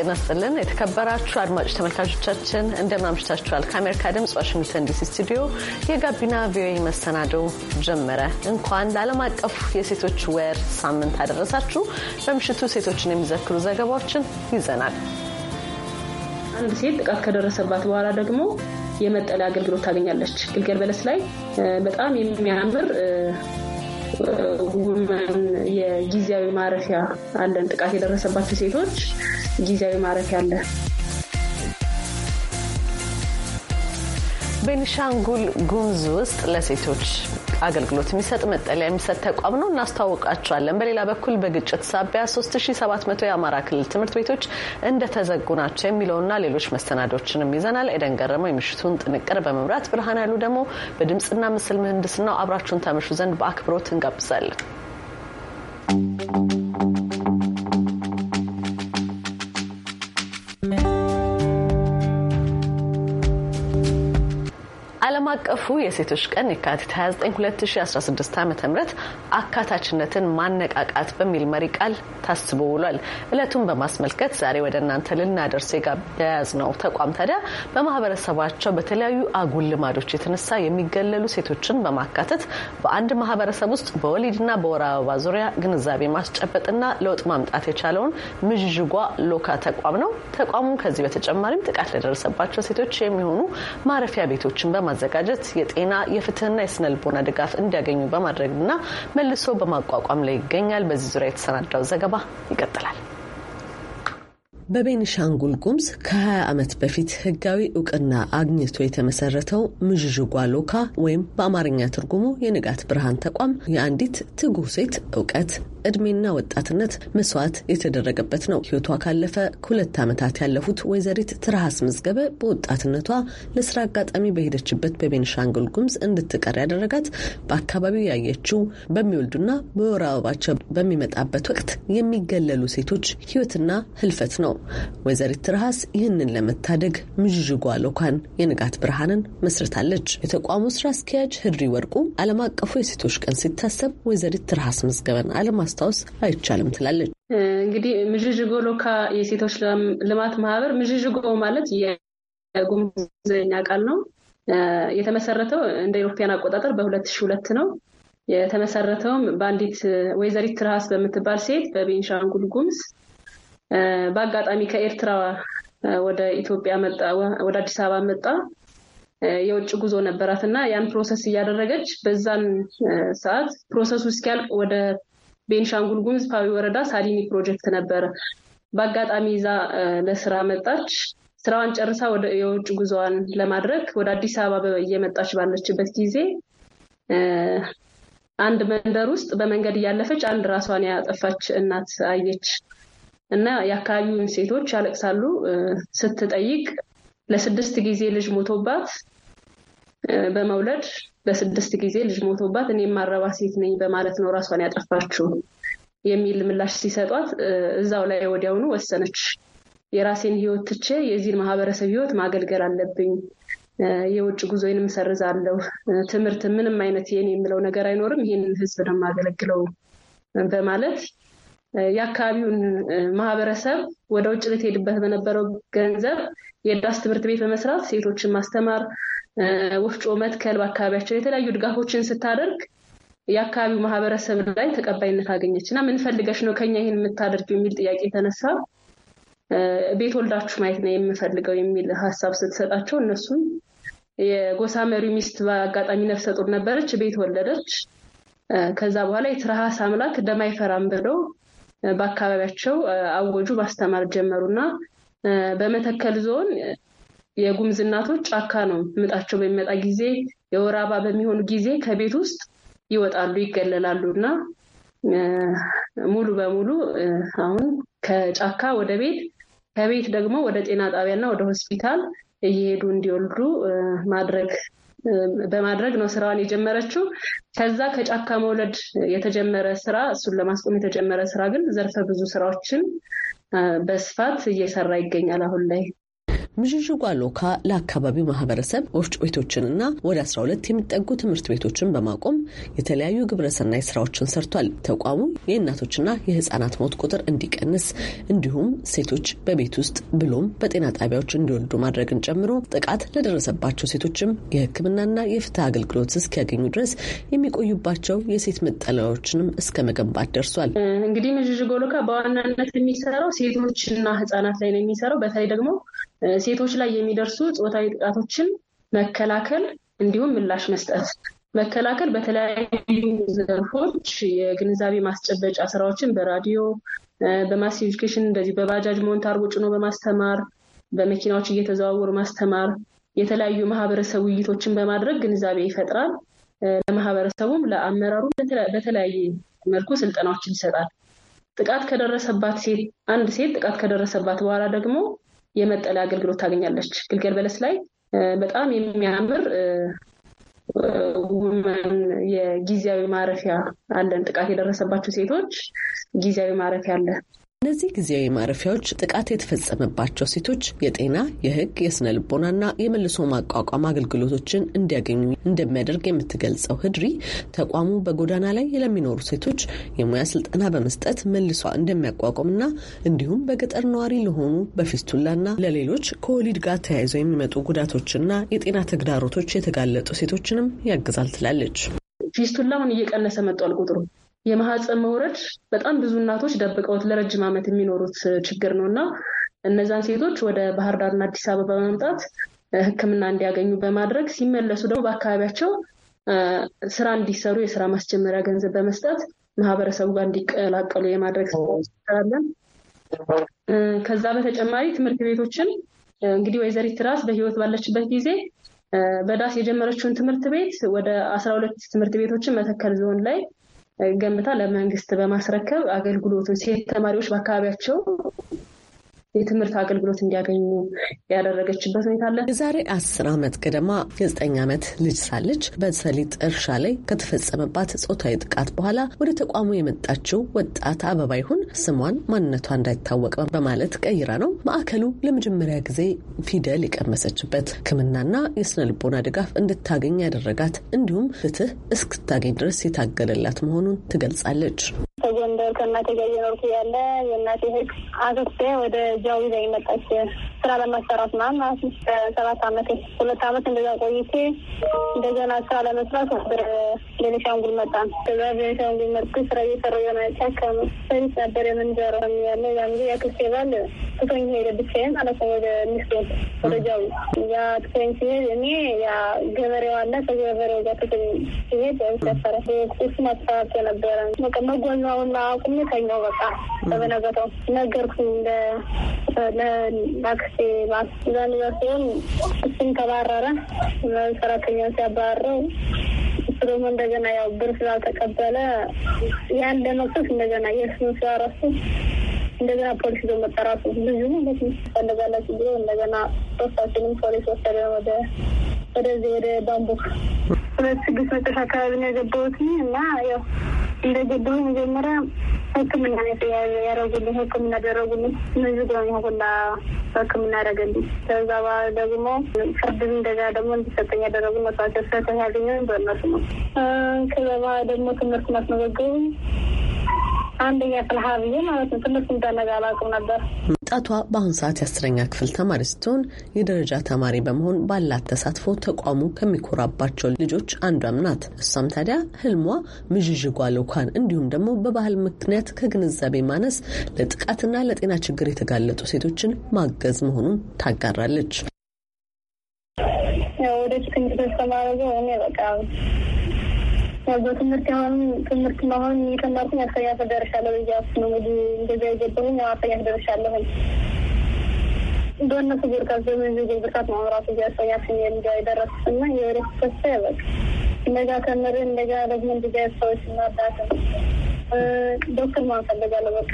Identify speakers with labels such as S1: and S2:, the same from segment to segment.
S1: ጤና ስጥልን የተከበራችሁ አድማጮች ተመልካቾቻችን፣ እንደምን አምሽታችኋል። ከአሜሪካ ድምፅ ዋሽንግተን ዲሲ ስቱዲዮ የጋቢና ቪኦኤ መሰናዶው ጀመረ። እንኳን ለዓለም አቀፉ የሴቶች ወር ሳምንት አደረሳችሁ። በምሽቱ ሴቶችን የሚዘክሩ ዘገባዎችን ይዘናል።
S2: አንድ ሴት ጥቃት ከደረሰባት በኋላ ደግሞ የመጠለያ አገልግሎት ታገኛለች። ግልገል በለስ ላይ በጣም የሚያምር ውመን የጊዜያዊ ማረፊያ አለን። ጥቃት የደረሰባቸው ሴቶች ጊዜያዊ ማረፊያ አለን።
S1: ቤኒሻንጉል ጉሙዝ ውስጥ ለሴቶች አገልግሎት የሚሰጥ መጠለያ የሚሰጥ ተቋም ነው፣ እናስተዋውቃቸዋለን። በሌላ በኩል በግጭት ሳቢያ 3700 የአማራ ክልል ትምህርት ቤቶች እንደተዘጉ ናቸው የሚለውና ሌሎች መሰናዶችንም ይዘናል። ኤደን ገረመው የምሽቱን ጥንቅር በመምራት ብርሃን ያሉ ደግሞ በድምፅና ምስል ምህንድስናው አብራችሁን ተመሹ ዘንድ በአክብሮት እንጋብዛለን። ዓለም አቀፉ የሴቶች ቀን የካቲት 29 2016 ዓ ም አካታችነትን ማነቃቃት በሚል መሪ ቃል ታስቦ ውሏል። እለቱን በማስመልከት ዛሬ ወደ እናንተ ልናደርስ የያዝነው ተቋም ታዲያ በማህበረሰባቸው በተለያዩ አጉል ልማዶች የተነሳ የሚገለሉ ሴቶችን በማካተት በአንድ ማህበረሰብ ውስጥ በወሊድና በወር አበባ ዙሪያ ግንዛቤ ማስጨበጥና ለውጥ ማምጣት የቻለውን ምዥጓ ሎካ ተቋም ነው። ተቋሙ ከዚህ በተጨማሪም ጥቃት ለደረሰባቸው ሴቶች የሚሆኑ ማረፊያ ቤቶችን በማዘ በማዘጋጀት የጤና የፍትህና የስነልቦና ድጋፍ እንዲያገኙ በማድረግና መልሶ በማቋቋም ላይ ይገኛል። በዚህ ዙሪያ የተሰናዳው ዘገባ ይቀጥላል። በቤኒሻንጉል ጉምዝ ከ20 ዓመት በፊት ህጋዊ እውቅና አግኝቶ የተመሰረተው ምዥዥጓ ሎካ ወይም በአማርኛ ትርጉሙ የንጋት ብርሃን ተቋም የአንዲት ትጉህ ሴት እውቀት እድሜና ወጣትነት መስዋዕት የተደረገበት ነው። ህይወቷ ካለፈ ሁለት ዓመታት ያለፉት ወይዘሪት ትርሃስ መዝገበ በወጣትነቷ ለስራ አጋጣሚ በሄደችበት በቤንሻንጉል ጉምዝ እንድትቀር ያደረጋት በአካባቢው ያየችው በሚወልዱና በወር አበባቸው በሚመጣበት ወቅት የሚገለሉ ሴቶች ህይወትና ህልፈት ነው። ወይዘሪት ትርሃስ ይህንን ለመታደግ ምዥጓ ልዑካን የንጋት ብርሃንን መስርታለች። የተቋሙ ስራ አስኪያጅ ህድሪ ወርቁ ዓለም አቀፉ የሴቶች ቀን ሲታሰብ ወይዘሪት ትርሃስ መዝገበን አለማስታወስ አይቻልም ትላለች።
S2: እንግዲህ ምዥዥጎ ሎካ የሴቶች ልማት ማህበር ምዥዥጎ ማለት የጉምዘኛ ቃል ነው። የተመሰረተው እንደ ኢሮፓያን አቆጣጠር በሁለት ሺህ ሁለት ነው። የተመሰረተውም በአንዲት ወይዘሪት ትርሃስ በምትባል ሴት በቤንሻንጉል ጉምዝ በአጋጣሚ ከኤርትራ ወደ ኢትዮጵያ መጣ፣ ወደ አዲስ አበባ መጣ። የውጭ ጉዞ ነበራት እና ያን ፕሮሰስ እያደረገች በዛን ሰዓት ፕሮሰሱ እስኪያልቅ ወደ ቤንሻንጉል ጉምዝ ፓዊ ወረዳ ሳሊኒ ፕሮጀክት ነበረ። በአጋጣሚ ይዛ ለስራ መጣች። ስራዋን ጨርሳ ወደ የውጭ ጉዞዋን ለማድረግ ወደ አዲስ አበባ እየመጣች ባለችበት ጊዜ አንድ መንደር ውስጥ በመንገድ እያለፈች አንድ ራሷን ያጠፋች እናት አየች። እና የአካባቢውን ሴቶች ያለቅሳሉ። ስትጠይቅ ለስድስት ጊዜ ልጅ ሞቶባት በመውለድ ለስድስት ጊዜ ልጅ ሞቶባት እኔ የማረባ ሴት ነኝ በማለት ነው ራሷን ያጠፋችው የሚል ምላሽ ሲሰጧት እዛው ላይ ወዲያውኑ ወሰነች። የራሴን ህይወት ትቼ የዚህን ማህበረሰብ ህይወት ማገልገል አለብኝ። የውጭ ጉዞዬንም ሰርዛለሁ፣ ትምህርት ምንም አይነት የኔ የምለው ነገር አይኖርም። ይህንን ህዝብ ነው የማገለግለው በማለት የአካባቢውን ማህበረሰብ ወደ ውጭ ልትሄድበት በነበረው ገንዘብ የዳስ ትምህርት ቤት በመስራት ሴቶችን ማስተማር፣ ወፍጮ መትከል፣ በአካባቢያቸው የተለያዩ ድጋፎችን ስታደርግ የአካባቢው ማህበረሰብ ላይ ተቀባይነት አገኘች እና ምን ፈልገሽ ነው ከኛ ይህን የምታደርግ የሚል ጥያቄ የተነሳ ቤት ወልዳችሁ ማየት ነው የምፈልገው የሚል ሀሳብ ስትሰጣቸው እነሱም የጎሳ መሪው ሚስት በአጋጣሚ ነፍሰ ጡር ነበረች፣ ቤት ወለደች። ከዛ በኋላ የትርሃስ አምላክ ደም አይፈራም ብለው በአካባቢያቸው አወጁ፣ ማስተማር ጀመሩና በመተከል ዞን የጉምዝ እናቶች ጫካ ነው ምጣቸው በሚመጣ ጊዜ የወር አበባ በሚሆኑ ጊዜ ከቤት ውስጥ ይወጣሉ፣ ይገለላሉ እና ሙሉ በሙሉ አሁን ከጫካ ወደ ቤት ከቤት ደግሞ ወደ ጤና ጣቢያና ወደ ሆስፒታል እየሄዱ እንዲወልዱ ማድረግ በማድረግ ነው ስራዋን የጀመረችው። ከዛ ከጫካ መውለድ የተጀመረ ስራ እሱን ለማስቆም የተጀመረ ስራ ግን ዘርፈ ብዙ ስራዎችን በስፋት እየሰራ ይገኛል አሁን ላይ።
S1: ምዥዥጓ ሎካ ለአካባቢው ማህበረሰብ ወፍጭ ቤቶችንና ወደ 12 የሚጠጉ ትምህርት ቤቶችን በማቆም የተለያዩ ግብረሰናይ ስራዎችን ሰርቷል። ተቋሙ የእናቶችና የህጻናት ሞት ቁጥር እንዲቀንስ እንዲሁም ሴቶች በቤት ውስጥ ብሎም በጤና ጣቢያዎች እንዲወልዱ ማድረግን ጨምሮ ጥቃት ለደረሰባቸው ሴቶችም የህክምናና የፍትህ አገልግሎት እስኪያገኙ ድረስ የሚቆዩባቸው የሴት መጠለያዎችንም እስከ መገንባት ደርሷል።
S2: እንግዲህ ምዥዥጎ ሎካ በዋናነት የሚሰራው ሴቶችና ህጻናት ላይ ነው የሚሰራው። በተለይ ደግሞ ሴቶች ላይ የሚደርሱ ጾታዊ ጥቃቶችን መከላከል እንዲሁም ምላሽ መስጠት መከላከል በተለያዩ ዘርፎች የግንዛቤ ማስጨበጫ ስራዎችን በራዲዮ፣ በማስ ኤጁኬሽን እንደዚህ በባጃጅ ሞንታርቦ ጭኖ በማስተማር በመኪናዎች እየተዘዋወሩ ማስተማር፣ የተለያዩ ማህበረሰብ ውይይቶችን በማድረግ ግንዛቤ ይፈጥራል። ለማህበረሰቡም ለአመራሩ በተለያየ መልኩ ስልጠናዎችን ይሰጣል። ጥቃት ከደረሰባት ሴት አንድ ሴት ጥቃት ከደረሰባት በኋላ ደግሞ የመጠለያ አገልግሎት ታገኛለች። ግልገል በለስ ላይ በጣም የሚያምር ውመን የጊዜያዊ ማረፊያ አለን። ጥቃት የደረሰባቸው ሴቶች
S1: ጊዜያዊ ማረፊያ አለ። እነዚህ ጊዜያዊ ማረፊያዎች ጥቃት የተፈጸመባቸው ሴቶች የጤና፣ የህግ የስነ ልቦናና የመልሶ ማቋቋም አገልግሎቶችን እንዲያገኙ እንደሚያደርግ የምትገልጸው ህድሪ ተቋሙ በጎዳና ላይ ለሚኖሩ ሴቶች የሙያ ስልጠና በመስጠት መልሷ እንደሚያቋቁምና እንዲሁም በገጠር ነዋሪ ለሆኑ በፊስቱላና ለሌሎች ከወሊድ ጋር ተያይዘው የሚመጡ ጉዳቶችና የጤና ተግዳሮቶች የተጋለጡ ሴቶችንም ያግዛል ትላለች።
S2: ፊስቱላውን እየቀነሰ መጥቷል ቁጥሩ የማህፀን መውረድ በጣም ብዙ እናቶች ደብቀውት ለረጅም ዓመት የሚኖሩት ችግር ነው እና እነዛን ሴቶች ወደ ባህር ዳርና አዲስ አበባ በማምጣት ሕክምና እንዲያገኙ በማድረግ ሲመለሱ ደግሞ በአካባቢያቸው ስራ እንዲሰሩ የስራ ማስጀመሪያ ገንዘብ በመስጠት ማህበረሰቡ ጋር እንዲቀላቀሉ የማድረግ ስራለን። ከዛ በተጨማሪ ትምህርት ቤቶችን እንግዲህ ወይዘሪት ራስ በህይወት ባለችበት ጊዜ በዳስ የጀመረችውን ትምህርት ቤት ወደ አስራ ሁለት ትምህርት ቤቶችን መተከል ዞን ላይ ገንብታ ለመንግስት በማስረከብ አገልግሎቱን ሴት ተማሪዎች በአካባቢያቸው የትምህርት አገልግሎት እንዲያገኙ
S1: ያደረገችበት ሁኔታ አለ። የዛሬ አስር ዓመት ገደማ የዘጠኝ ዓመት ልጅ ሳለች በሰሊጥ እርሻ ላይ ከተፈጸመባት ጾታዊ ጥቃት በኋላ ወደ ተቋሙ የመጣችው ወጣት አበባ ይሁን ስሟን ማንነቷ እንዳይታወቅ በማለት ቀይራ ነው ማዕከሉ ለመጀመሪያ ጊዜ ፊደል የቀመሰችበት ሕክምናና የስነ ልቦና ድጋፍ እንድታገኝ ያደረጋት እንዲሁም ፍትህ እስክታገኝ ድረስ የታገለላት መሆኑን ትገልጻለች።
S3: ከእናቴ ጋር እየኖርኩ ያለ የእናቴ ህግ አክስቴ ወደ ጃዊ ላይ መጣች። ስራ ለማሰራት ማ ሰባት አመት ሁለት አመት እንደዛ ቆይቼ እንደገና ስራ ለመስራት ወደ ቤኒሻንጉል መጣ። ከዛ ቤኒሻንጉል መጥቼ ስራ እየሰራ የሆነ ቻከም ሰዊት ነበር የምንጀረ ያለ ያ ጊዜ የአክስቴ ባል ትቶኝ ሄደ ብቻዬን ማለት ነው። ወደ ሚስቴን ወደ ጃዊ ያ ትቶኝ ሲሄድ እኔ ያ ገበሬው አለ ከገበሬው ጋር ትቶኝ ሲሄድ ሲያሰራ ሱ ማስፈራት ነበረ መጓዛውና አቁሜ ተኛው። በቃ በበነገተው ነገርኩ ለአክስቴ ዛንዛ ሲሆን እሱም ተባረረ። ሰራተኛ ሲያባረረው እሱ ደግሞ እንደገና ያው ብር ስላልተቀበለ ያን ለመክሰስ እንደገና የእሱን ሲያረሱ እንደገና ፖሊስ ዞ መጣ። እራሱ ልጁ ማለት ነው ብሎ እንደገና ሶስታችንም ፖሊስ ወሰደ ወደ ወደዚህ ወደ ባምቡክ ሁለት ስድስት መጨረሻ አካባቢ ነው የገባሁት እና ያው እንደ ገድቡ መጀመሪያ ሕክምና ያደረጉልኝ ሕክምና ያደረጉልኝ እነዚህ ደግሞ ሁላ ሕክምና ያደረገልኝ። ከዛ በኋላ ደግሞ ፍርድ እንደዛ ደግሞ እንዲሰጠኝ ያደረጉ መጽዋቸው ያገኘ በእነሱ ነው። ከዛ በኋላ ደግሞ ትምህርት ማስመዘገቡ አንደኛ ጥልሀ ብዬ ማለት ነው። ትምህርት እንዳነገ አላውቅም ነበር።
S1: ወጣቷ በአሁኑ ሰዓት የአስረኛ ክፍል ተማሪ ስትሆን የደረጃ ተማሪ በመሆን ባላት ተሳትፎ ተቋሙ ከሚኮራባቸው ልጆች አንዷም ናት። እሷም ታዲያ ህልሟ ምዥዥጓ ልኳን እንዲሁም ደግሞ በባህል ምክንያት ከግንዛቤ ማነስ ለጥቃትና ለጤና ችግር የተጋለጡ ሴቶችን ማገዝ መሆኑን ታጋራለች።
S3: ወደ ችግር ተማረገ እኔ በቃ ያው ትምህርት አሁን ትምህርት መሆን እየተማርኩኝ አስረኛ ተደርሻለሁ። ብያስ ነው እንግዲህ እንደዚያ የገጠሙኝ ያው አስረኛ ተደርሻለሁኝ። በእነሱ ብርታት በመንዜ ብርካት ነው ራሱ እያሰኛ ስኝ እንጃ የደረሱት እና የወደፊት ተስፋ ያበቅ እንደጋ ከምር እንደጋ ደግሞ እንዲጋ ሰዎች እናዳት ዶክተር ማን በቃ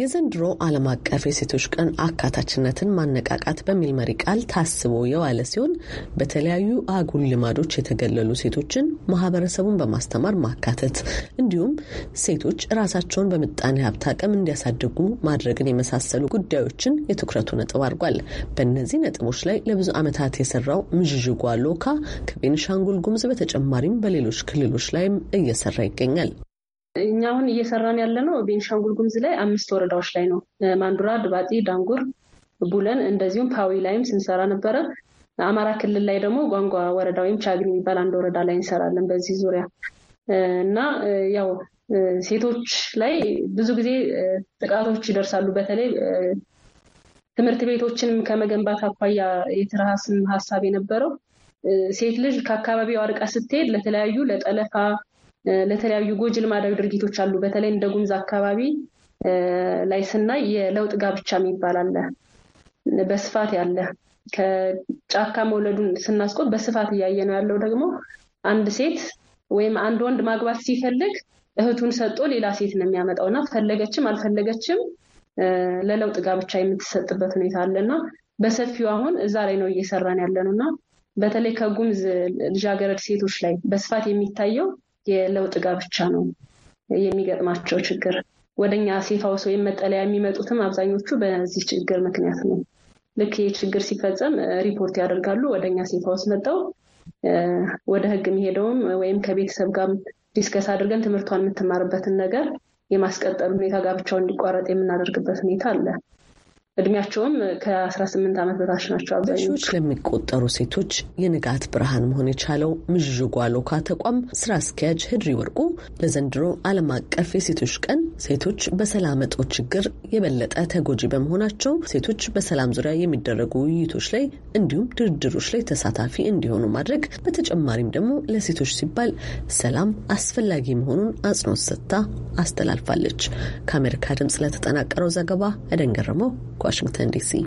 S1: የዘንድሮ ዓለም አቀፍ የሴቶች ቀን አካታችነትን ማነቃቃት በሚል መሪ ቃል ታስቦ የዋለ ሲሆን በተለያዩ አጉል ልማዶች የተገለሉ ሴቶችን ማህበረሰቡን በማስተማር ማካተት እንዲሁም ሴቶች ራሳቸውን በምጣኔ ሀብት አቅም እንዲያሳድጉ ማድረግን የመሳሰሉ ጉዳዮችን የትኩረቱ ነጥብ አድርጓል። በእነዚህ ነጥቦች ላይ ለብዙ ዓመታት የሰራው ምዥዥጓ ሎካ ከቤንሻንጉል ጉምዝ በተጨማሪም በሌሎች ክልሎች ላይም እየሰራ ይገኛል።
S2: እኛ አሁን እየሰራን ያለ ነው ቤንሻንጉል ጉምዝ ላይ አምስት ወረዳዎች ላይ ነው። ማንዱራ፣ ድባጢ፣ ዳንጉር፣ ቡለን እንደዚሁም ፓዊ ላይም ስንሰራ ነበረ። አማራ ክልል ላይ ደግሞ ጓንጓ ወረዳ ወይም ቻግኒ የሚባል አንድ ወረዳ ላይ እንሰራለን በዚህ ዙሪያ እና ያው ሴቶች ላይ ብዙ ጊዜ ጥቃቶች ይደርሳሉ። በተለይ ትምህርት ቤቶችንም ከመገንባት አኳያ የትርሃስም ሀሳብ የነበረው ሴት ልጅ ከአካባቢው አርቃ ስትሄድ ለተለያዩ ለጠለፋ ለተለያዩ ጎጂ ልማዳዊ ድርጊቶች አሉ። በተለይ እንደ ጉምዝ አካባቢ ላይ ስናይ የለውጥ ጋብቻ የሚባል አለ፣ በስፋት ያለ ከጫካ መውለዱን ስናስቆጥ በስፋት እያየ ነው ያለው። ደግሞ አንድ ሴት ወይም አንድ ወንድ ማግባት ሲፈልግ እህቱን ሰጥቶ ሌላ ሴት ነው የሚያመጣው እና ፈለገችም አልፈለገችም ለለውጥ ጋብቻ የምትሰጥበት ሁኔታ አለ እና በሰፊው አሁን እዛ ላይ ነው እየሰራን ያለ ነው እና በተለይ ከጉምዝ ልጃገረድ ሴቶች ላይ በስፋት የሚታየው የለውጥ ጋብቻ ነው የሚገጥማቸው ችግር። ወደኛ ሴፍ ሀውስ ወይም መጠለያ የሚመጡትም አብዛኞቹ በዚህ ችግር ምክንያት ነው። ልክ ይህ ችግር ሲፈጸም ሪፖርት ያደርጋሉ። ወደኛ ሴፍ ሀውስ መጠው ወደ ህግ የሚሄደውም ወይም ከቤተሰብ ጋር ዲስከስ አድርገን ትምህርቷን የምትማርበትን ነገር የማስቀጠል ሁኔታ ጋብቻው እንዲቋረጥ የምናደርግበት ሁኔታ አለ። እድሜያቸውም ከ18 ዓመት በታች ናቸው። አብዛኞች
S1: ለሚቆጠሩ ሴቶች የንጋት ብርሃን መሆን የቻለው ምዥጓ ሎካ ተቋም ስራ አስኪያጅ ህድሪ ወርቁ ለዘንድሮ ዓለም አቀፍ የሴቶች ቀን ሴቶች በሰላም እጦት ችግር የበለጠ ተጎጂ በመሆናቸው ሴቶች በሰላም ዙሪያ የሚደረጉ ውይይቶች ላይ እንዲሁም ድርድሮች ላይ ተሳታፊ እንዲሆኑ ማድረግ፣ በተጨማሪም ደግሞ ለሴቶች ሲባል ሰላም አስፈላጊ መሆኑን አጽንኦት ሰጥታ አስተላልፋለች። ከአሜሪካ ድምጽ ለተጠናቀረው ዘገባ አደንገረመው Washington, D.C.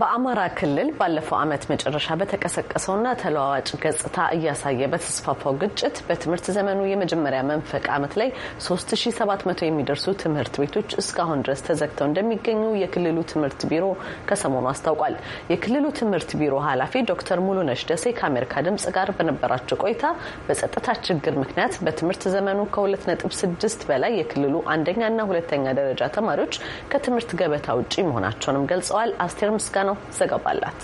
S1: በአማራ ክልል ባለፈው ዓመት መጨረሻ በተቀሰቀሰውና ተለዋዋጭ ገጽታ እያሳየ በተስፋፋው ግጭት በትምህርት ዘመኑ የመጀመሪያ መንፈቅ ዓመት ላይ 3700 የሚደርሱ ትምህርት ቤቶች እስካሁን ድረስ ተዘግተው እንደሚገኙ የክልሉ ትምህርት ቢሮ ከሰሞኑ አስታውቋል። የክልሉ ትምህርት ቢሮ ኃላፊ ዶክተር ሙሉነሽ ደሴ ከአሜሪካ ድምጽ ጋር በነበራቸው ቆይታ በጸጥታ ችግር ምክንያት በትምህርት ዘመኑ ከ2.6 በላይ የክልሉ አንደኛና ሁለተኛ ደረጃ ተማሪዎች ከትምህርት ገበታ ውጪ መሆናቸውንም ገልጸዋል። አስቴር ምስጋና
S4: ነው ዘገባ አላት።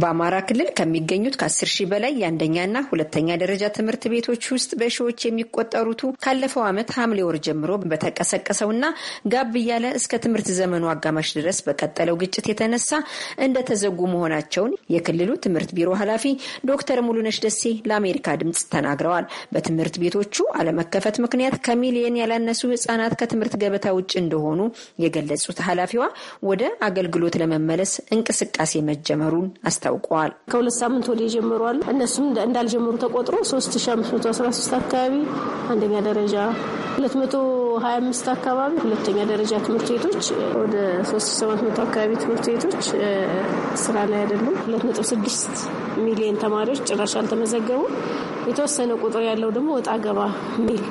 S4: በአማራ ክልል ከሚገኙት ከ10 ሺህ በላይ የአንደኛና ሁለተኛ ደረጃ ትምህርት ቤቶች ውስጥ በሺዎች የሚቆጠሩቱ ካለፈው ዓመት ሐምሌ ወር ጀምሮ በተቀሰቀሰውና ጋብ እያለ እስከ ትምህርት ዘመኑ አጋማሽ ድረስ በቀጠለው ግጭት የተነሳ እንደተዘጉ መሆናቸውን የክልሉ ትምህርት ቢሮ ኃላፊ ዶክተር ሙሉነሽ ደሴ ለአሜሪካ ድምፅ ተናግረዋል። በትምህርት ቤቶቹ አለመከፈት ምክንያት ከሚሊዮን ያላነሱ ህጻናት ከትምህርት ገበታ ውጭ እንደሆኑ የገለጹት ኃላፊዋ ወደ አገልግሎት ለመመለስ እንቅስቃሴ መጀመሩን አስታውቀዋል። ከሁለት ሳምንት ወዲህ የጀመሩ አሉ። እነሱም እንዳልጀመሩ ተቆጥሮ 3513 አካባቢ አንደኛ ደረጃ 225
S2: አካባቢ ሁለተኛ ደረጃ ትምህርት ቤቶች ወደ 3700 አካባቢ ትምህርት ቤቶች ስራ ላይ አይደሉም። 2.6 ሚሊዮን ተማሪዎች ጭራሽ አልተመዘገቡም። የተወሰነ ቁጥር ያለው ደግሞ ወጣ ገባ ሚል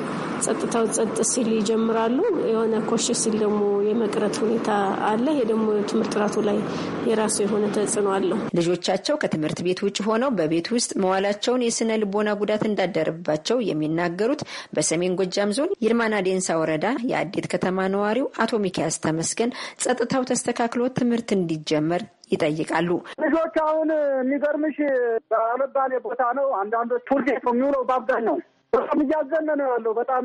S2: ጸጥታው ጸጥ ሲል ይጀምራሉ።
S4: የሆነ ኮሽ ሲል ደግሞ የመቅረት ሁኔታ አለ። ይሄ ደግሞ ትምህርት ጥራቱ ላይ የራሱ የሆነ ተጽዕኖ አለው። ልጆቻቸው ከትምህርት ቤት ውጭ ሆነው በቤት ውስጥ መዋላቸውን የስነ ልቦና ጉዳት እንዳደረባቸው የሚናገሩት በሰሜን ጎጃም ዞን ይልማና ዴንሳ ወረዳ የአዴት ከተማ ነዋሪው አቶ ሚኪያስ ተመስገን ጸጥታው ተስተካክሎ ትምህርት እንዲጀመር ይጠይቃሉ።
S2: ልጆች አሁን የሚገርምሽ ባለባሌ ቦታ ነው።
S5: አንዳንዶች ቱርጌት የሚውለው በአብዛኛው በጣም እያዘነ ነው ያለው። በጣም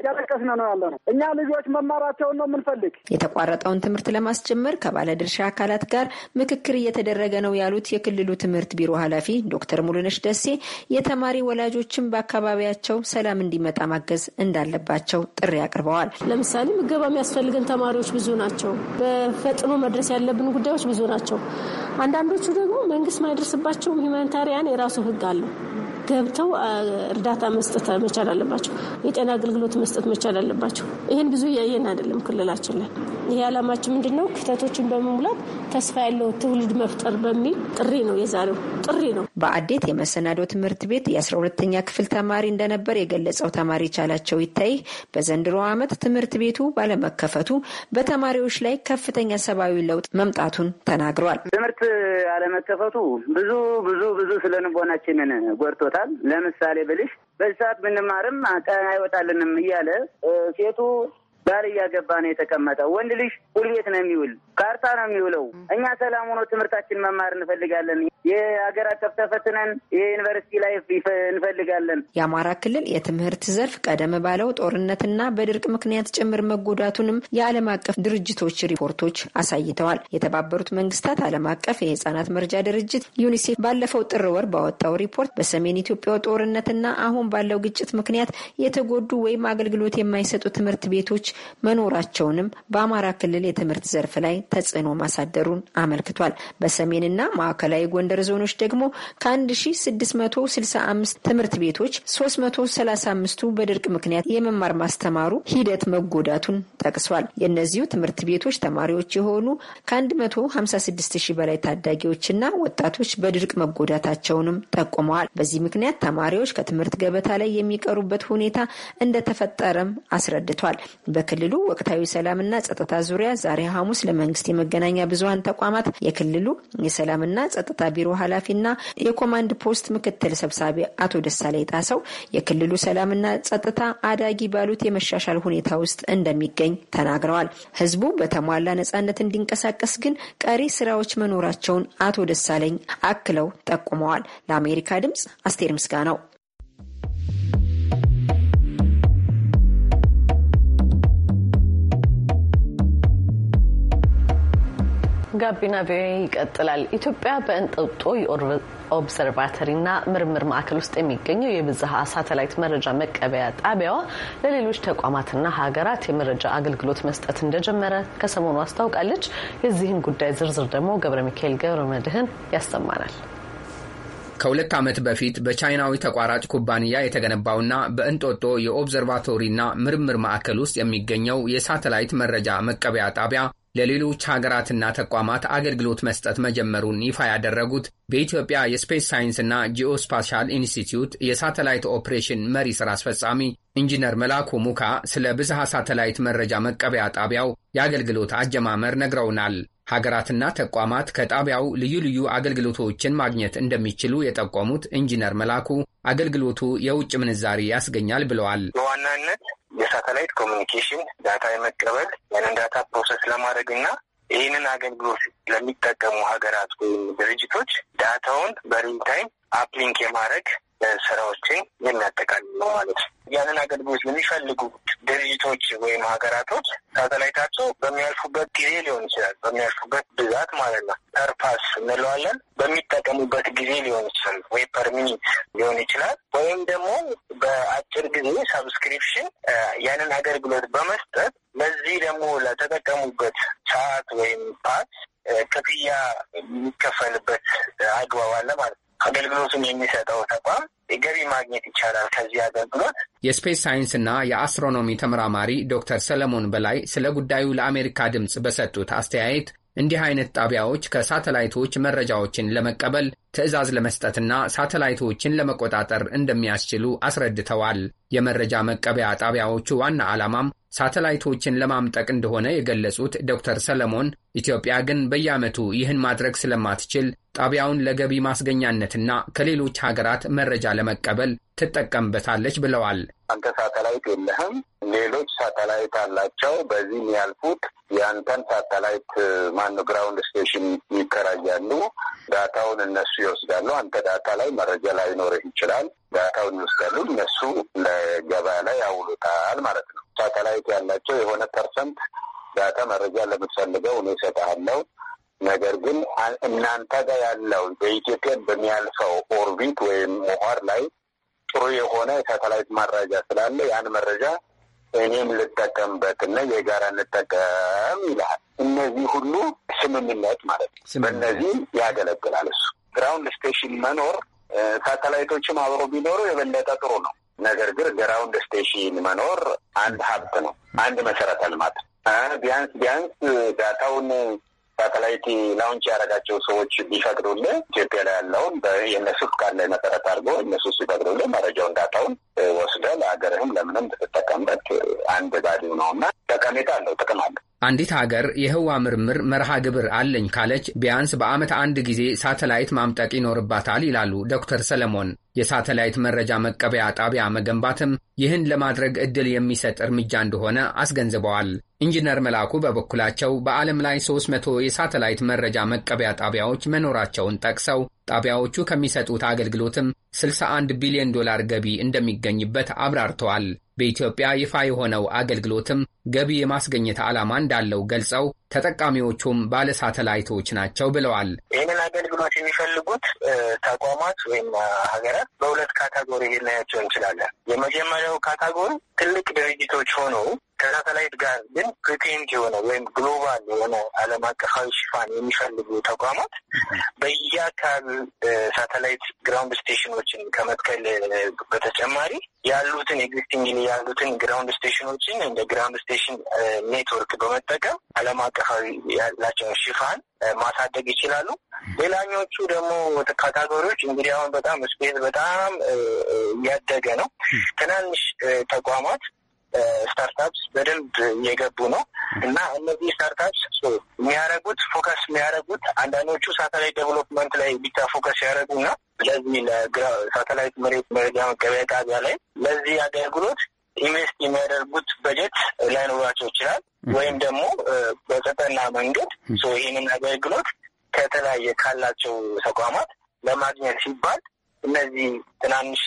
S5: እያለቀስነ ነው
S4: ያለ ነው። እኛ ልጆች መማራቸውን ነው የምንፈልግ። የተቋረጠውን ትምህርት ለማስጀመር ከባለድርሻ አካላት ጋር ምክክር እየተደረገ ነው ያሉት የክልሉ ትምህርት ቢሮ ኃላፊ ዶክተር ሙሉነሽ ደሴ የተማሪ ወላጆችን በአካባቢያቸው ሰላም እንዲመጣ ማገዝ እንዳለባቸው ጥሪ አቅርበዋል። ለምሳሌ ምገባ የሚያስፈልገን ተማሪዎች ብዙ ናቸው። በፈጥኖ መድረስ ያለብን
S2: ጉዳዮች ብዙ ናቸው። አንዳንዶቹ ደግሞ መንግስት ማይደርስባቸውም ሁማኒታሪያን የራሱ ህግ አለው። ገብተው እርዳታ መስጠት መቻል አለባቸው። የጤና አገልግሎት መስጠት መቻል አለባቸው። ይህን ብዙ እያየን አይደለም ክልላችን ላይ። ይህ ዓላማችን ምንድን ነው? ክፍተቶችን በመሙላት
S4: ተስፋ ያለው ትውልድ መፍጠር በሚል ጥሪ ነው። የዛሬው ጥሪ ነው። በአዴት የመሰናዶ ትምህርት ቤት የ12ተኛ ክፍል ተማሪ እንደነበር የገለጸው ተማሪ ቻላቸው ይታይ በዘንድሮ ዓመት ትምህርት ቤቱ ባለመከፈቱ በተማሪዎች ላይ ከፍተኛ ሰብአዊ ለውጥ መምጣቱን ተናግሯል።
S5: ትምህርት አለመከፈቱ ብዙ ብዙ ብዙ ስለንቦናችንን ጎርቶ አድርጎታል። ለምሳሌ ብልሽ በዚህ ሰዓት ብንማርም ቀን አይወጣልንም እያለ ሴቱ ባል እያገባ ነው የተቀመጠ። ወንድ ልጅ ሁልቤት ነው የሚውል፣ ካርታ ነው የሚውለው። እኛ ሰላም ሆኖ ትምህርታችን መማር እንፈልጋለን። የሀገር አቀፍ ተፈትነን የዩኒቨርሲቲ
S4: ላይፍ እንፈልጋለን። የአማራ ክልል የትምህርት ዘርፍ ቀደም ባለው ጦርነትና በድርቅ ምክንያት ጭምር መጎዳቱንም የዓለም አቀፍ ድርጅቶች ሪፖርቶች አሳይተዋል። የተባበሩት መንግስታት ዓለም አቀፍ የህጻናት መርጃ ድርጅት ዩኒሴፍ ባለፈው ጥር ወር ባወጣው ሪፖርት በሰሜን ኢትዮጵያ ጦርነትና አሁን ባለው ግጭት ምክንያት የተጎዱ ወይም አገልግሎት የማይሰጡ ትምህርት ቤቶች መኖራቸውንም በአማራ ክልል የትምህርት ዘርፍ ላይ ተጽዕኖ ማሳደሩን አመልክቷል። በሰሜንና ማዕከላዊ ጎንደ ጎንደር ዞኖች ደግሞ ከ1665 ትምህርት ቤቶች 335ቱ በድርቅ ምክንያት የመማር ማስተማሩ ሂደት መጎዳቱን ጠቅሷል። የእነዚሁ ትምህርት ቤቶች ተማሪዎች የሆኑ ከ156 ሺህ በላይ ታዳጊዎችና ወጣቶች በድርቅ መጎዳታቸውንም ጠቁመዋል። በዚህ ምክንያት ተማሪዎች ከትምህርት ገበታ ላይ የሚቀሩበት ሁኔታ እንደተፈጠረም አስረድቷል። በክልሉ ወቅታዊ ሰላምና ጸጥታ ዙሪያ ዛሬ ሐሙስ ለመንግስት የመገናኛ ብዙሀን ተቋማት የክልሉ የሰላምና ጸጥታ ቢ ቢሮ ኃላፊና የኮማንድ ፖስት ምክትል ሰብሳቢ አቶ ደሳለኝ ጣሰው የክልሉ ሰላምና ጸጥታ አዳጊ ባሉት የመሻሻል ሁኔታ ውስጥ እንደሚገኝ ተናግረዋል። ህዝቡ በተሟላ ነጻነት እንዲንቀሳቀስ ግን ቀሪ ስራዎች መኖራቸውን አቶ ደሳለኝ አክለው ጠቁመዋል። ለአሜሪካ ድምጽ አስቴር ምስጋ ነው።
S1: ጋቢና ቪኦኤ ይቀጥላል። ኢትዮጵያ በእንጦጦ ኦብዘርቫተሪና ምርምር ማዕከል ውስጥ የሚገኘው የብዝሃ ሳተላይት መረጃ መቀበያ ጣቢያዋ ለሌሎች ተቋማትና ሀገራት የመረጃ አገልግሎት መስጠት እንደጀመረ ከሰሞኑ አስታውቃለች። የዚህን ጉዳይ ዝርዝር
S6: ደግሞ ገብረ ሚካኤል ገብረ መድህን ያሰማናል። ከሁለት ዓመት በፊት በቻይናዊ ተቋራጭ ኩባንያ የተገነባውና በእንጦጦ የኦብዘርቫቶሪና ምርምር ማዕከል ውስጥ የሚገኘው የሳተላይት መረጃ መቀበያ ጣቢያ ለሌሎች ሀገራትና ተቋማት አገልግሎት መስጠት መጀመሩን ይፋ ያደረጉት በኢትዮጵያ የስፔስ ሳይንስና ጂኦስፓሻል ኢንስቲትዩት የሳተላይት ኦፕሬሽን መሪ ሥራ አስፈጻሚ ኢንጂነር መላኩ ሙካ ስለ ብዝሃ ሳተላይት መረጃ መቀበያ ጣቢያው የአገልግሎት አጀማመር ነግረውናል። ሀገራትና ተቋማት ከጣቢያው ልዩ ልዩ አገልግሎቶችን ማግኘት እንደሚችሉ የጠቆሙት ኢንጂነር መላኩ አገልግሎቱ የውጭ ምንዛሪ ያስገኛል ብለዋል። በዋናነት
S5: የሳተላይት ኮሚኒኬሽን ዳታ የመቀበል ያንን ዳታ ፕሮሰስ ለማድረግ እና ይህንን አገልግሎት ለሚጠቀሙ ሀገራት ወይም ድርጅቶች ዳታውን በሪል ታይም አፕሊንክ የማድረግ ስራዎችን የሚያጠቃልል ነው ማለት ነው። ያንን አገልግሎት የሚፈልጉ ድርጅቶች ወይም ሀገራቶች ሳተላይታቸው በሚያልፉበት ጊዜ ሊሆን ይችላል፣ በሚያልፉበት ብዛት ማለት ነው። ፐርፓስ እንለዋለን። በሚጠቀሙበት ጊዜ ሊሆን ይችላል፣ ወይ ፐርሚኒት ሊሆን ይችላል፣ ወይም ደግሞ በአጭር ጊዜ ሰብስክሪፕሽን ያንን አገልግሎት በመስጠት ለዚህ ደግሞ ለተጠቀሙበት ሰዓት ወይም ፓስ ክፍያ የሚከፈልበት አግባብ አለ ማለት ነው። አገልግሎቱን የሚሰጠው ተቋም ገቢ ማግኘት ይቻላል ከዚህ
S6: አገልግሎት። የስፔስ ሳይንስና የአስትሮኖሚ ተመራማሪ ዶክተር ሰለሞን በላይ ስለ ጉዳዩ ለአሜሪካ ድምፅ በሰጡት አስተያየት እንዲህ አይነት ጣቢያዎች ከሳተላይቶች መረጃዎችን ለመቀበል ትዕዛዝ ለመስጠትና ሳተላይቶችን ለመቆጣጠር እንደሚያስችሉ አስረድተዋል። የመረጃ መቀበያ ጣቢያዎቹ ዋና ዓላማም ሳተላይቶችን ለማምጠቅ እንደሆነ የገለጹት ዶክተር ሰለሞን ኢትዮጵያ ግን በየዓመቱ ይህን ማድረግ ስለማትችል ጣቢያውን ለገቢ ማስገኛነትና ከሌሎች ሀገራት መረጃ ለመቀበል ትጠቀምበታለች ብለዋል። አንተ
S5: ሳተላይት የለህም፣ ሌሎች ሳተላይት አላቸው። በዚህ የሚያልፉት የአንተን ሳተላይት ማነው ግራውንድ ስቴሽን ይከራያሉ። ዳታውን እነሱ ይወስዳሉ። አንተ ዳታ ላይ መረጃ ላይኖርህ ይችላል። ዳታውን ይወስዳሉ፣ እነሱ ለገበያ ላይ ያውሉታል ማለት ነው። ሳተላይት ያላቸው የሆነ ፐርሰንት ዳታ መረጃ ለምትፈልገው እኔ እሰጥሃለሁ። ነገር ግን እናንተ ጋር ያለው በኢትዮጵያ በሚያልፈው ኦርቢት ወይም ምህዋር ላይ ጥሩ የሆነ የሳተላይት ማራጃ ስላለ ያን መረጃ እኔም ልጠቀምበት እና የጋራ እንጠቀም ይልሃል። እነዚህ ሁሉ ስምምነት ማለት ነው። በእነዚህ ያገለግላል። እሱ ግራውንድ ስቴሽን መኖር ሳተላይቶችም አብሮ ቢኖሩ የበለጠ ጥሩ ነው። ነገር ግን ግራውንድ ስቴሽን መኖር አንድ ሀብት ነው፣ አንድ መሰረተ ልማት ቢያንስ ቢያንስ ዳታውን ሳተላይት ላውንች ያደረጋቸው ሰዎች ቢፈቅዱልህ ኢትዮጵያ ላይ ያለውን የእነሱ ፍቃድ ላይ መሰረት አድርገው እነሱ ሲፈቅዱልህ መረጃውን ዳታውን ወስደህ ለሀገርህም ለምንም ብትጠቀምበት አንድ ባዲው ነው እና ጠቀሜታ አለው፣
S6: ጥቅም አለው። አንዲት ሀገር የህዋ ምርምር መርሃ ግብር አለኝ ካለች ቢያንስ በዓመት አንድ ጊዜ ሳተላይት ማምጠቅ ይኖርባታል ይላሉ ዶክተር ሰለሞን። የሳተላይት መረጃ መቀበያ ጣቢያ መገንባትም ይህን ለማድረግ ዕድል የሚሰጥ እርምጃ እንደሆነ አስገንዝበዋል። ኢንጂነር መላኩ በበኩላቸው በዓለም ላይ 300 የሳተላይት መረጃ መቀበያ ጣቢያዎች መኖራቸውን ጠቅሰው ጣቢያዎቹ ከሚሰጡት አገልግሎትም 61 ቢሊዮን ዶላር ገቢ እንደሚገኝበት አብራርተዋል። በኢትዮጵያ ይፋ የሆነው አገልግሎትም ገቢ የማስገኘት ዓላማ እንዳለው ገልጸው ተጠቃሚዎቹም ባለ ሳተላይቶች ናቸው ብለዋል።
S5: ይህንን አገልግሎት የሚፈልጉት ተቋማት ወይም ሀገራት በሁለት ካታጎሪ ልናያቸው እንችላለን። የመጀመሪያው ካታጎሪ ትልቅ ድርጅቶች ሆነው ከሳተላይት ጋር ግን ፕሪቴንት የሆነ ወይም ግሎባል የሆነ ዓለም አቀፋዊ ሽፋን የሚፈልጉ ተቋማት በየአካባቢ ሳተላይት ግራውንድ ስቴሽኖችን ከመትከል በተጨማሪ ያሉትን ኤግዚስቲንግ ያሉትን ግራውንድ ስቴሽኖችን እንደ ግራውንድ ስቴሽን ኔትወርክ በመጠቀም ዓለም አቀፋዊ ያላቸውን ሽፋን ማሳደግ ይችላሉ። ሌላኞቹ ደግሞ ካታጎሪዎች እንግዲህ አሁን በጣም ስፔስ በጣም እያደገ ነው። ትናንሽ ተቋማት ስታርታፕስ በደንብ እየገቡ ነው እና እነዚህ ስታርታፕስ የሚያደረጉት ፎከስ የሚያደረጉት አንዳንዶቹ ሳተላይት ዴቨሎፕመንት ላይ ብቻ ፎከስ ያደረጉና ለዚህ ሳተላይት መሬት መረጃ መቀበያ ጣቢያ ላይ ለዚህ አገልግሎት ኢንቨስት የሚያደርጉት በጀት ላይኖራቸው ይችላል። ወይም ደግሞ በቀጠና መንገድ ይህንን አገልግሎት ከተለያየ ካላቸው ተቋማት ለማግኘት ሲባል እነዚህ ትናንሽ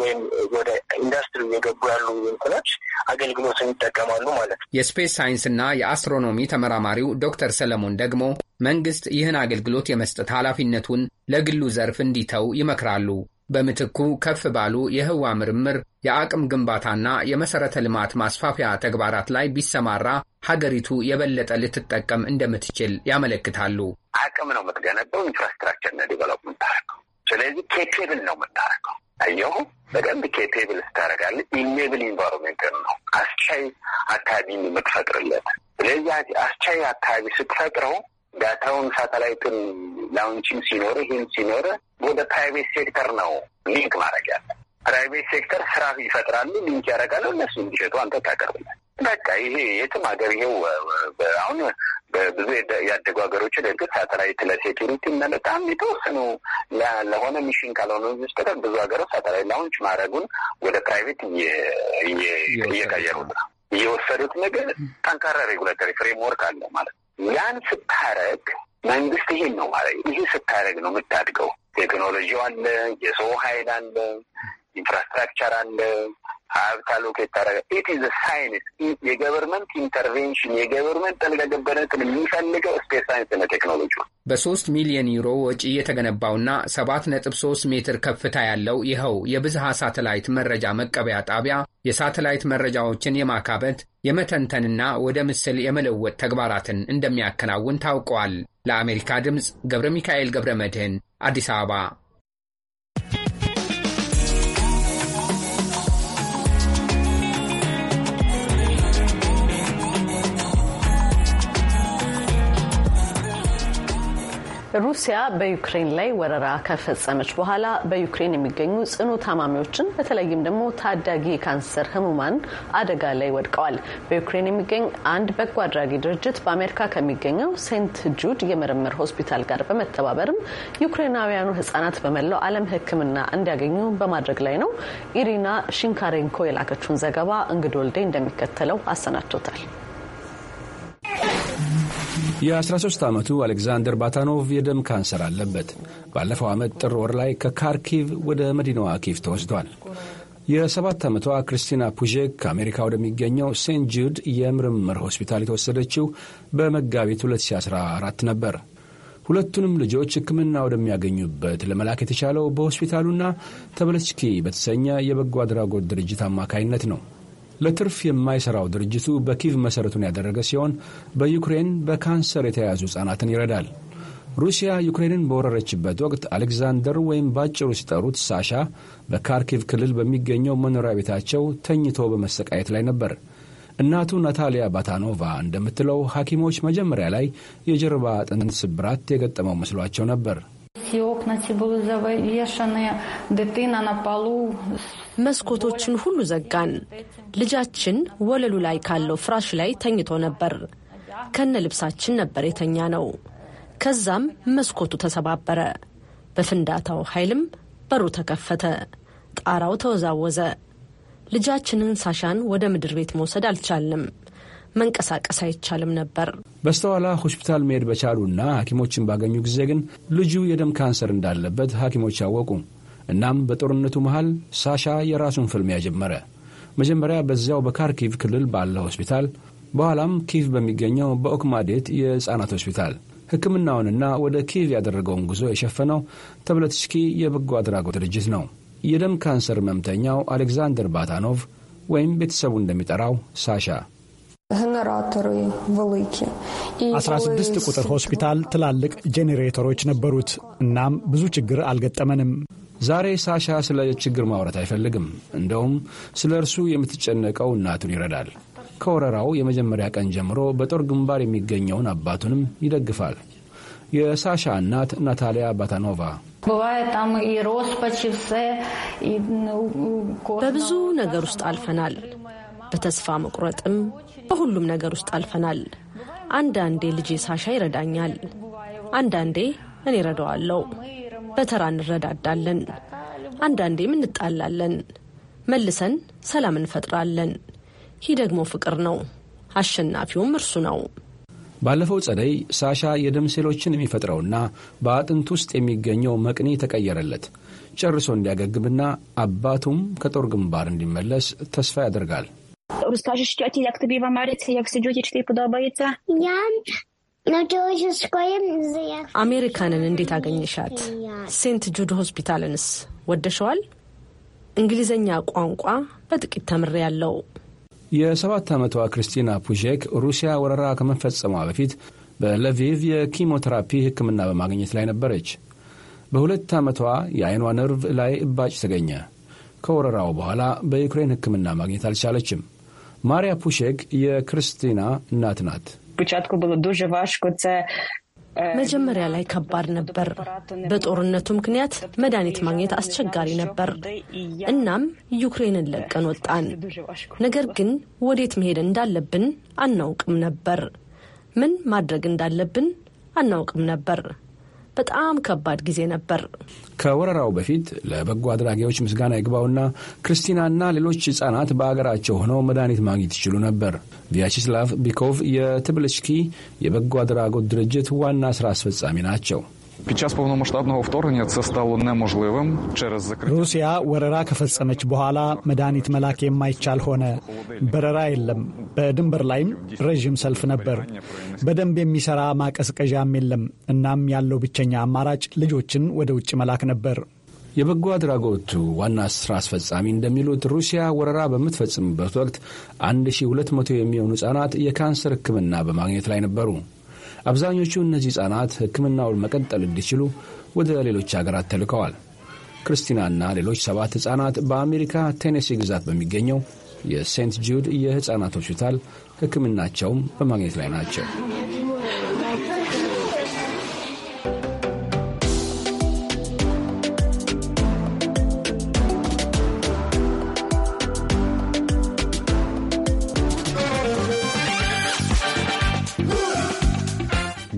S5: ወይም ወደ ኢንዱስትሪ የገቡ ያሉ እንትኖች አገልግሎትን ይጠቀማሉ
S6: ማለት ነው። የስፔስ ሳይንስና የአስትሮኖሚ ተመራማሪው ዶክተር ሰለሞን ደግሞ መንግስት ይህን አገልግሎት የመስጠት ኃላፊነቱን ለግሉ ዘርፍ እንዲተው ይመክራሉ። በምትኩ ከፍ ባሉ የህዋ ምርምር፣ የአቅም ግንባታና የመሰረተ ልማት ማስፋፊያ ተግባራት ላይ ቢሰማራ ሀገሪቱ የበለጠ ልትጠቀም እንደምትችል ያመለክታሉ። አቅም
S5: ነው የምትገነበው፣ ኢንፍራስትራክቸር ነው ዴቨሎፕመንት ስለዚህ ኬፔብል ነው የምታረገው። አየሁ በደንብ ኬፔብል ስታደርጋለህ ኢኔብል ኢንቫይሮንመንት ነው አስቻይ አካባቢ የምትፈጥርለት። ስለዚህ አስቻይ አካባቢ ስትፈጥረው ዳታውን ሳተላይትን ላውንችን ሲኖር ይህን ሲኖር ወደ ፕራይቬት ሴክተር ነው ሊንክ ማድረግ ያለ ፕራይቬት ሴክተር ስራ ይፈጥራሉ፣ ሊንክ ያደርጋሉ። እነሱ እንዲሸጡ አንተ ታቀርብላል። በቃ ይሄ የትም ሀገር ይሄው አሁን በብዙ ያደጉ ሀገሮች እርግጥ ሳተላይት ለሴኪሪቲ እና በጣም የተወሰኑ ለሆነ ሚሽን ካልሆነ በስተቀር ብዙ ሀገሮች ሳተላይት ላውንች ማድረጉን ወደ ፕራይቬት እየቀየሩት እየወሰዱት ነገር ጠንካራ ሬጉላተሪ ፍሬምወርክ አለ ማለት ነው። ያን ስታረግ መንግስት ይሄን ነው ማለት ይሄ ስታረግ ነው የምታድገው። ቴክኖሎጂ አለ፣ የሰው ሀይል አለ፣ ኢንፍራስትራክቸር አለ፣ uh, ሀብት አሎኬት ታደርጋለህ። ኢት ኢዝ ሳይንስ የገቨርንመንት ኢንተርቬንሽን የገቨርንመንት ጣልቃ ገብነትን የሚፈልገው ስፔስ ሳይንስ ሳይንስና ቴክኖሎጂ
S6: በሶስት ሚሊዮን ዩሮ ወጪ የተገነባውና ሰባት ነጥብ ሶስት ሜትር ከፍታ ያለው ይኸው የብዝሃ ሳተላይት መረጃ መቀበያ ጣቢያ የሳተላይት መረጃዎችን የማካበት የመተንተንና ወደ ምስል የመለወጥ ተግባራትን እንደሚያከናውን ታውቋል። ለአሜሪካ ድምፅ ገብረ ሚካኤል ገብረ መድህን አዲስ አበባ
S1: ሩሲያ በዩክሬን ላይ ወረራ ከፈጸመች በኋላ በዩክሬን የሚገኙ ጽኑ ታማሚዎችን በተለይም ደግሞ ታዳጊ የካንሰር ህሙማን አደጋ ላይ ወድቀዋል። በዩክሬን የሚገኝ አንድ በጎ አድራጊ ድርጅት በአሜሪካ ከሚገኘው ሴንት ጁድ የምርምር ሆስፒታል ጋር በመተባበርም ዩክሬናውያኑ ህጻናት በመላው ዓለም ሕክምና እንዲያገኙ በማድረግ ላይ ነው። ኢሪና ሽንካሬንኮ የላከችውን ዘገባ እንግድ ወልዴ እንደሚከተለው አሰናድቶታል።
S7: የ13 ዓመቱ አሌክዛንደር ባታኖቭ የደም ካንሰር አለበት። ባለፈው ዓመት ጥር ወር ላይ ከካርኪቭ ወደ መዲናዋ ኪቭ ተወስዷል። የሰባት ዓመቷ ክርስቲና ፑዤክ ከአሜሪካ ወደሚገኘው ሴንት ጁድ የምርምር ሆስፒታል የተወሰደችው በመጋቢት 2014 ነበር። ሁለቱንም ልጆች ሕክምና ወደሚያገኙበት ለመላክ የተቻለው በሆስፒታሉና ተበለችኪ በተሰኘ የበጎ አድራጎት ድርጅት አማካይነት ነው። ለትርፍ የማይሰራው ድርጅቱ በኪቭ መሠረቱን ያደረገ ሲሆን በዩክሬን በካንሰር የተያዙ ሕፃናትን ይረዳል። ሩሲያ ዩክሬንን በወረረችበት ወቅት አሌክዛንደር ወይም ባጭሩ ሲጠሩት ሳሻ በካርኪቭ ክልል በሚገኘው መኖሪያ ቤታቸው ተኝቶ በመሰቃየት ላይ ነበር። እናቱ ናታሊያ ባታኖቫ እንደምትለው ሐኪሞች መጀመሪያ ላይ የጀርባ አጥንት ስብራት የገጠመው መስሏቸው ነበር።
S8: መስኮቶችን ሁሉ ዘጋን። ልጃችን ወለሉ ላይ ካለው ፍራሽ ላይ ተኝቶ ነበር። ከነ ልብሳችን ነበር የተኛ ነው። ከዛም መስኮቱ ተሰባበረ። በፍንዳታው ኃይልም በሩ ተከፈተ። ጣራው ተወዛወዘ። ልጃችንን ሳሻን ወደ ምድር ቤት መውሰድ አልቻልንም። መንቀሳቀስ አይቻልም ነበር።
S7: በስተኋላ ሆስፒታል መሄድ በቻሉና ሐኪሞችን ባገኙ ጊዜ ግን ልጁ የደም ካንሰር እንዳለበት ሐኪሞች አወቁ። እናም በጦርነቱ መሃል ሳሻ የራሱን ፍልሚያ ጀመረ። መጀመሪያ በዚያው በካርኪቭ ክልል ባለ ሆስፒታል፣ በኋላም ኪቭ በሚገኘው በኦክማዴት የሕፃናት ሆስፒታል ሕክምናውንና ወደ ኪቭ ያደረገውን ጉዞ የሸፈነው ተብለትሽኪ የበጎ አድራጎት ድርጅት ነው። የደም ካንሰር ሕመምተኛው አሌክዛንደር ባታኖቭ ወይም ቤተሰቡ እንደሚጠራው ሳሻ
S4: генератори великі. І 16 ቁጥር ሆስፒታል
S7: ትላልቅ ጄኔሬተሮች ነበሩት። እናም ብዙ ችግር አልገጠመንም። ዛሬ ሳሻ ስለ ችግር ማውራት አይፈልግም። እንደውም ስለ እርሱ የምትጨነቀው እናቱን ይረዳል። ከወረራው የመጀመሪያ ቀን ጀምሮ በጦር ግንባር የሚገኘውን አባቱንም ይደግፋል። የሳሻ እናት ናታሊያ ባታኖቫ
S8: በብዙ ነገር ውስጥ አልፈናል። በተስፋ መቁረጥም በሁሉም ነገር ውስጥ አልፈናል። አንዳንዴ ልጄ ሳሻ ይረዳኛል፣ አንዳንዴ እኔ እረዳዋለሁ። በተራ እንረዳዳለን። አንዳንዴም እንጣላለን፣ መልሰን ሰላም እንፈጥራለን። ይህ ደግሞ ፍቅር ነው። አሸናፊውም እርሱ ነው።
S7: ባለፈው ጸደይ ሳሻ የደም ሴሎችን የሚፈጥረውና በአጥንት ውስጥ የሚገኘው መቅኔ ተቀየረለት። ጨርሶ እንዲያገግምና አባቱም ከጦር ግንባር እንዲመለስ ተስፋ ያደርጋል።
S4: Розкажеш тьоті, як тобі в Америці, як все діти, чи тобі подобається? Я
S8: አሜሪካንን እንዴት አገኘሻት? ሴንት ጁድ ሆስፒታልንስ ወደሸዋል? እንግሊዘኛ ቋንቋ በጥቂት ተምሬ ያለው።
S7: የሰባት ዓመቷ ክርስቲና ፑሼክ ሩሲያ ወረራ ከመፈጸሟ በፊት በለቪቭ የኪሞቴራፒ ሕክምና በማግኘት ላይ ነበረች። በሁለት ዓመቷ የአይኗ ነርቭ ላይ እባጭ ተገኘ። ከወረራው በኋላ በዩክሬን ሕክምና ማግኘት አልቻለችም። Марія ፑሼክ የክርስቲና እናት ናት።
S8: መጀመሪያ ላይ ከባድ ነበር። በጦርነቱ ምክንያት መድኃኒት ማግኘት አስቸጋሪ ነበር። እናም ዩክሬንን ለቀን ወጣን። ነገር ግን ወዴት መሄድ እንዳለብን አናውቅም ነበር። ምን ማድረግ እንዳለብን አናውቅም ነበር። በጣም ከባድ ጊዜ ነበር።
S7: ከወረራው በፊት ለበጎ አድራጊዎች ምስጋና ይግባውና ክርስቲናና ሌሎች ሕጻናት በአገራቸው ሆነው መድኃኒት ማግኘት ይችሉ ነበር። ቪያችስላቭ ቢኮቭ የትብልሽኪ የበጎ አድራጎት ድርጅት ዋና ሥራ አስፈጻሚ ናቸው።
S6: Під час повномасштабного вторгнення це стало неможливим через закриття.
S7: ሩሲያ ወረራ ከፈጸመች በኋላ መድኃኒት መላክ የማይቻል ሆነ። በረራ የለም። በድንበር ላይም ረዥም ሰልፍ ነበር። በደንብ የሚሰራ ማቀዝቀዣም የለም። እናም ያለው ብቸኛ አማራጭ ልጆችን ወደ ውጭ መላክ ነበር። የበጎ አድራጎቱ ዋና ስራ አስፈጻሚ እንደሚሉት ሩሲያ ወረራ በምትፈጽምበት ወቅት 1200 የሚሆኑ ህጻናት የካንሰር ህክምና በማግኘት ላይ ነበሩ። አብዛኞቹ እነዚህ ሕፃናት ሕክምናውን መቀጠል እንዲችሉ ወደ ሌሎች አገራት ተልከዋል። ክርስቲናና ሌሎች ሰባት ሕፃናት በአሜሪካ ቴኔሲ ግዛት በሚገኘው የሴንት ጁድ የሕፃናት ሆስፒታል ሕክምናቸውም በማግኘት ላይ ናቸው።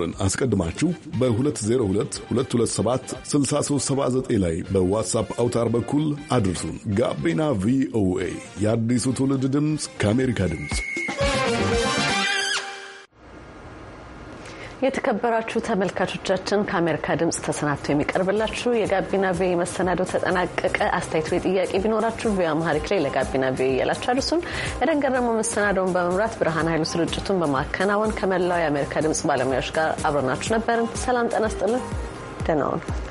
S6: ቁጥርን አስቀድማችሁ በ 6379 ላይ በዋትሳፕ አውታር በኩል አድርሱን። ጋቢና ቪኦኤ የአዲሱ ትውልድ ድምፅ ከአሜሪካ ድምፅ
S1: የተከበራችሁ ተመልካቾቻችን ከአሜሪካ ድምጽ ተሰናድቶ የሚቀርብላችሁ የጋቢና ቪ መሰናዶ ተጠናቀቀ። አስተያየት ወይ ጥያቄ ቢኖራችሁ ቪ አማሪክ ላይ ለጋቢና ቪ እያላችሁ አድርሱን። የደንገረመ መሰናዶውን በመምራት ብርሃን ኃይሉ ስርጭቱን በማከናወን ከመላው የአሜሪካ ድምጽ ባለሙያዎች ጋር አብረናችሁ ነበርን። ሰላም ጠና ስጥልን